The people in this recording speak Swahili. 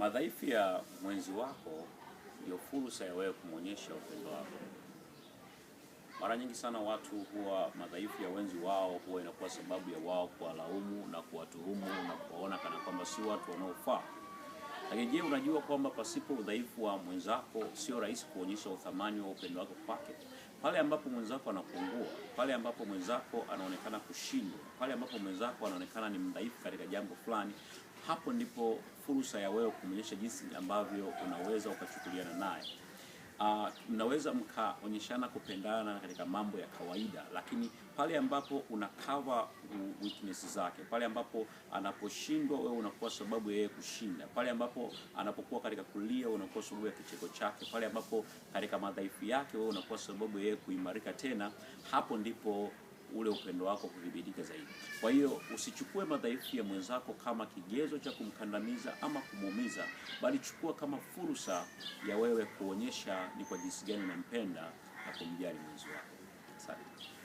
Madhaifu ya mwenzi wako ndio fursa ya wewe kumwonyesha upendo wako. Mara nyingi sana watu huwa madhaifu ya wenzi wao huwa inakuwa sababu ya wao kuwalaumu na kuwatuhumu na kuwaona kana kwamba si watu wanaofaa. Lakini je, unajua kwamba pasipo udhaifu wa mwenzako sio rahisi kuonyesha uthamani wa upendo wako kwake? Pale ambapo mwenzako anapungua, pale ambapo mwenzako anaonekana kushindwa, pale ambapo mwenzako anaonekana ni mdhaifu katika jambo fulani, hapo ndipo fursa ya wewe kumuonyesha jinsi ambavyo unaweza ukachukuliana naye. Uh, mnaweza mkaonyeshana kupendana katika mambo ya kawaida, lakini pale ambapo una cover weakness zake, pale ambapo anaposhindwa wewe unakuwa sababu yeye kushinda, pale ambapo anapokuwa katika kulia unakuwa sababu ya kicheko chake, pale ambapo katika madhaifu yake wewe unakuwa sababu yeye kuimarika tena, hapo ndipo ule upendo wako kuvibidika zaidi. Kwa hiyo usichukue madhaifu ya mwenzako kama kigezo cha kumkandamiza ama kumuumiza, bali chukua kama fursa ya wewe kuonyesha ni kwa jinsi gani unampenda na kumjali mwenzi wako. Asante.